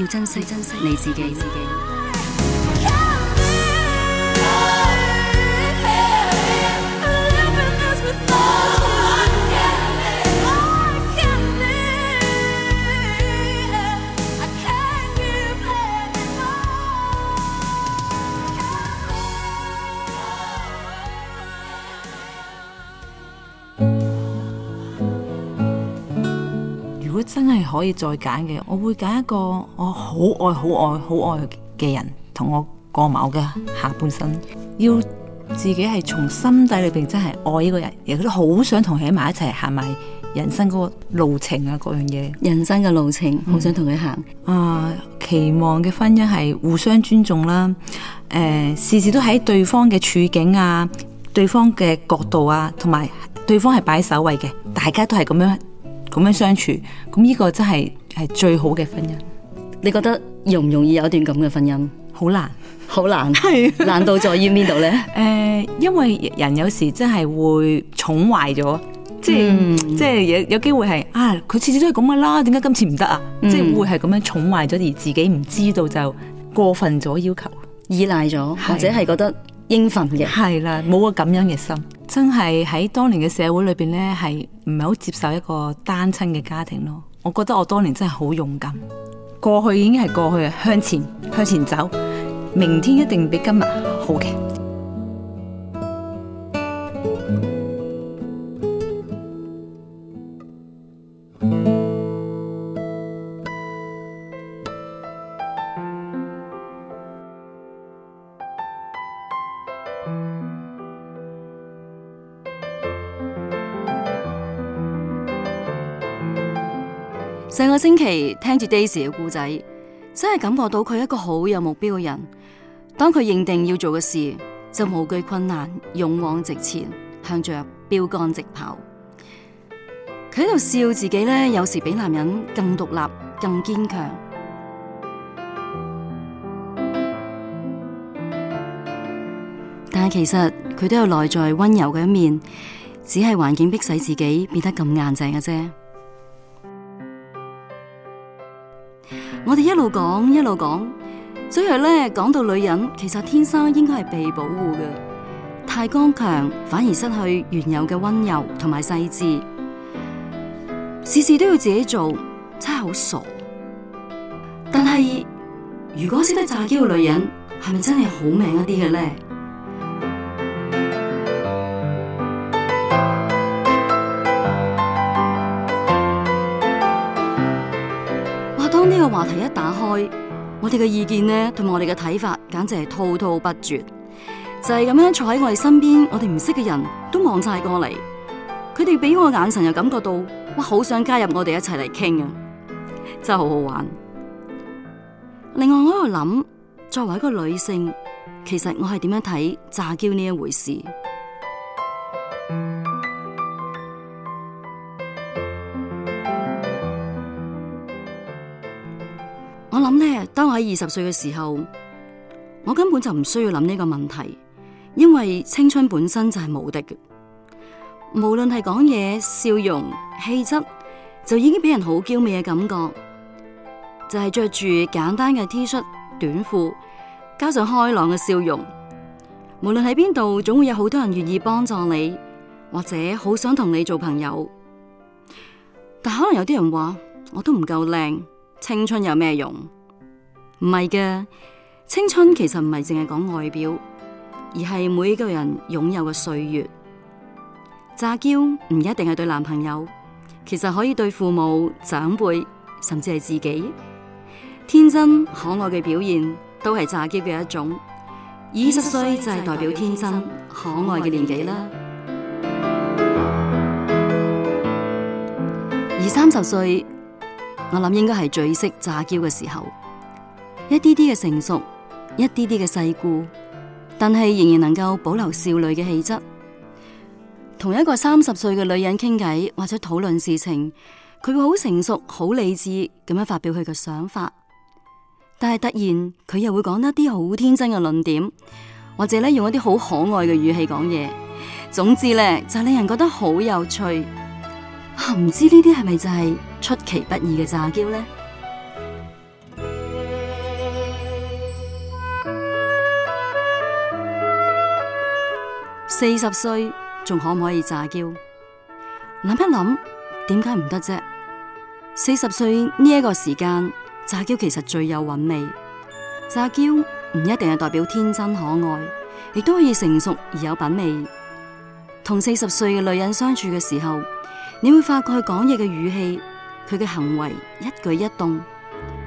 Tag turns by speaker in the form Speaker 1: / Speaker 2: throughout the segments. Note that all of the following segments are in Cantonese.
Speaker 1: 要珍惜，珍惜你自己。
Speaker 2: 可以再揀嘅，我會揀一個我好愛、好愛、好愛嘅人同我過某嘅下半生。要自己係從心底裏邊真係愛呢個人，亦都好想同佢喺埋一齊行埋人生嗰個路程啊，各樣嘢，人生嘅路程，好想同佢行。啊、嗯呃，期望嘅婚姻係互相尊重啦，誒、呃，事事都喺對方嘅處境啊，對方嘅角度啊，同埋對方係擺喺首位嘅，大家都係咁樣。咁樣相處，咁呢個真係係最好嘅婚姻。
Speaker 1: 你覺得容唔容易有一段咁嘅婚姻？好難，
Speaker 2: 好 難，係
Speaker 1: 難度在於
Speaker 2: 邊度咧？誒、呃，因為人有時真係會寵壞咗，嗯、即係即係有有機會係啊，佢次次都係咁嘅啦，點解今次唔得啊？嗯、即係會係咁樣寵壞咗而自己唔知道就過分咗，要求，依賴咗，是啊、或者係覺得應份嘅，係啦、啊，冇個咁樣嘅心。真係喺當年嘅社會裏邊咧，係唔係好接受一個單親嘅家庭咯？我覺得我當年真係好勇敢，過去已經係過去，向前向前走，明天一定比今日好嘅。
Speaker 1: 上個星期聽住 Daisy 嘅故仔，真係感覺到佢一個好有目標嘅人。當佢認定要做嘅事，就無懼困難，勇往直前，向着標杆直跑。佢喺度笑自己呢，有時比男人更獨立、更堅強。但係其實佢都有內在溫柔嘅一面，只係環境迫使自己變得咁硬淨嘅啫。講一路講，所以咧講到女人，其實天生應該係被保護嘅，太剛強反而失去原有嘅溫柔同埋細緻，事事都要自己做，真係好傻。但係如果識得詐嬌嘅女人，係咪真係好命一啲嘅咧？話 當呢個話題一。我哋嘅意見咧，同埋我哋嘅睇法，簡直係滔滔不絕。就係咁樣坐喺我哋身邊，我哋唔識嘅人都望晒過嚟，佢哋俾我的眼神又感覺到，哇，好想加入我哋一齊嚟傾啊！真係好好玩。另外，我喺度諗，作為一個女性，其實我係點樣睇詐嬌呢一回事？當我喺二十歲嘅時候，我根本就唔需要諗呢個問題，因為青春本身就係無敵嘅。無論係講嘢、笑容、氣質，就已經俾人好嬌美嘅感覺。就係着住簡單嘅 T 恤、短褲，加上開朗嘅笑容，無論喺邊度，總會有好多人願意幫助你，或者好想同你做朋友。但可能有啲人話，我都唔夠靚，青春有咩用？唔係嘅，青春其實唔係淨係講外表，而係每個人擁有嘅歲月。詐嬌唔一定係對男朋友，其實可以對父母、長輩，甚至係自己。天真可愛嘅表現都係詐嬌嘅一種。二十歲就係代表天真可愛嘅年紀啦。而三十歲，我諗應該係最識詐嬌嘅時候。一啲啲嘅成熟，一啲啲嘅世故，但係仍然能夠保留少女嘅氣質。同一個三十歲嘅女人傾偈或者討論事情，佢會好成熟、好理智咁樣發表佢嘅想法。但係突然佢又會講一啲好天真嘅論點，或者咧用一啲好可愛嘅語氣講嘢。總之咧就令人覺得好有趣。啊，唔知呢啲係咪就係出其不意嘅詐嬌咧？四十歲仲可唔可以詐嬌？諗一諗，點解唔得啫？四十歲呢一個時間，詐嬌其實最有韻味。詐嬌唔一定係代表天真可愛，亦都可以成熟而有品味。同四十歲嘅女人相處嘅時候，你會發覺佢講嘢嘅語氣，佢嘅行為，一舉一動，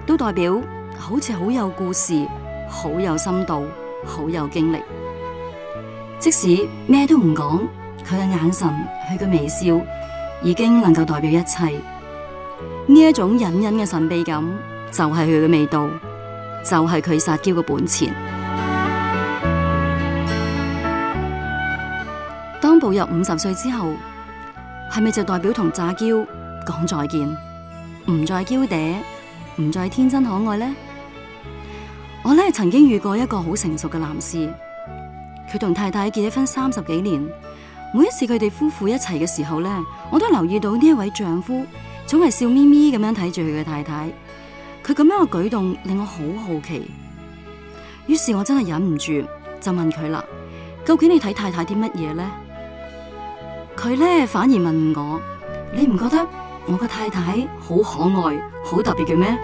Speaker 1: 都代表好似好有故事，好有深度，好有經歷。即使咩都唔講，佢嘅眼神、佢嘅微笑已經能夠代表一切。呢一種隱隱嘅神秘感，就係佢嘅味道，就係佢撒嬌嘅本錢。當步入五十歲之後，係咪就代表同撒嬌講再見，唔再嬌嗲，唔再天真可愛呢？我呢曾經遇過一個好成熟嘅男士。佢同太太結咗婚三十幾年，每一次佢哋夫婦一齊嘅時候呢，我都留意到呢一位丈夫總係笑眯眯咁樣睇住佢嘅太太。佢咁樣嘅舉動令我好好奇，於是我真係忍唔住就問佢啦：「究竟你睇太太啲乜嘢呢？」佢呢反而問我：「你唔覺得我個太太好可愛、好特別嘅咩？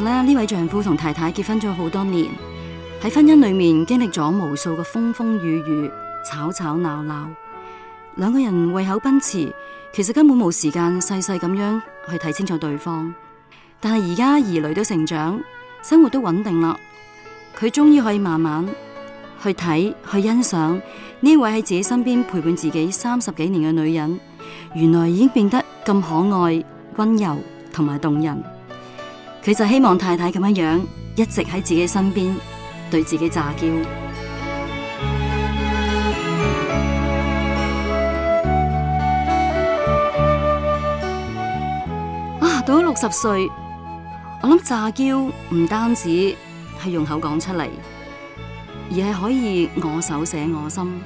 Speaker 1: 呢位丈夫同太太結婚咗好多年，喺婚姻裏面經歷咗無數嘅風風雨雨、吵吵鬧鬧，兩個人為口奔馳，其實根本冇時間細細咁樣去睇清楚對方。但係而家兒女都成長，生活都穩定啦，佢終於可以慢慢去睇、去欣賞呢位喺自己身邊陪伴自己三十幾年嘅女人，原來已經變得咁可愛、溫柔同埋動人。佢就希望太太咁樣樣一直喺自己身邊，對自己詐嬌。啊，到咗六十歲，我諗詐嬌唔單止係用口講出嚟，而係可以我手寫我心，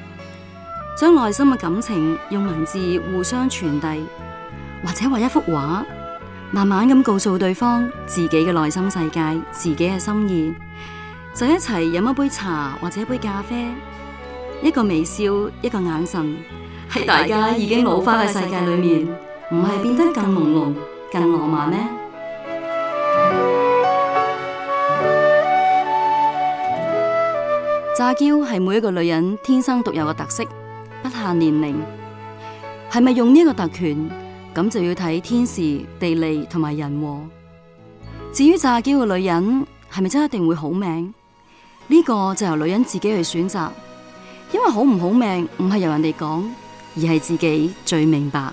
Speaker 1: 將內心嘅感情用文字互相傳遞，或者畫一幅畫。慢慢咁告訴對方自己嘅內心世界，自己嘅心意，就一齊飲一杯茶或者一杯咖啡，一個微笑，一個眼神，喺大家已經老花嘅世界裏面，唔係變得更朦朧、更浪漫咩？詐嬌係每一個女人天生獨有嘅特色，不限年齡，係咪用呢個特權？咁就要睇天時地利同埋人和。至於詐嬌嘅女人係咪真一定會好命？呢個就由女人自己去選擇，因為好唔好命唔係由人哋講，而係自己最明
Speaker 2: 白。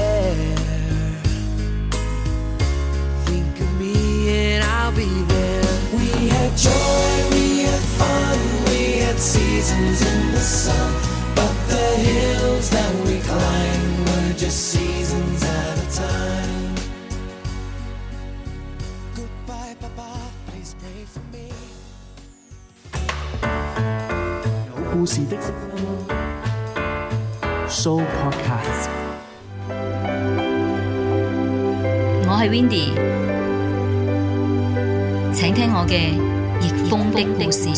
Speaker 1: 故事的 So Podcast，我係 Windy，請聽我嘅逆風的故事。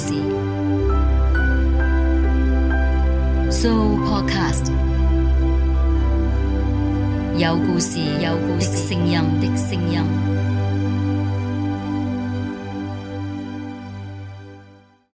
Speaker 1: So Podcast 有故事，有故事聲音的聲音。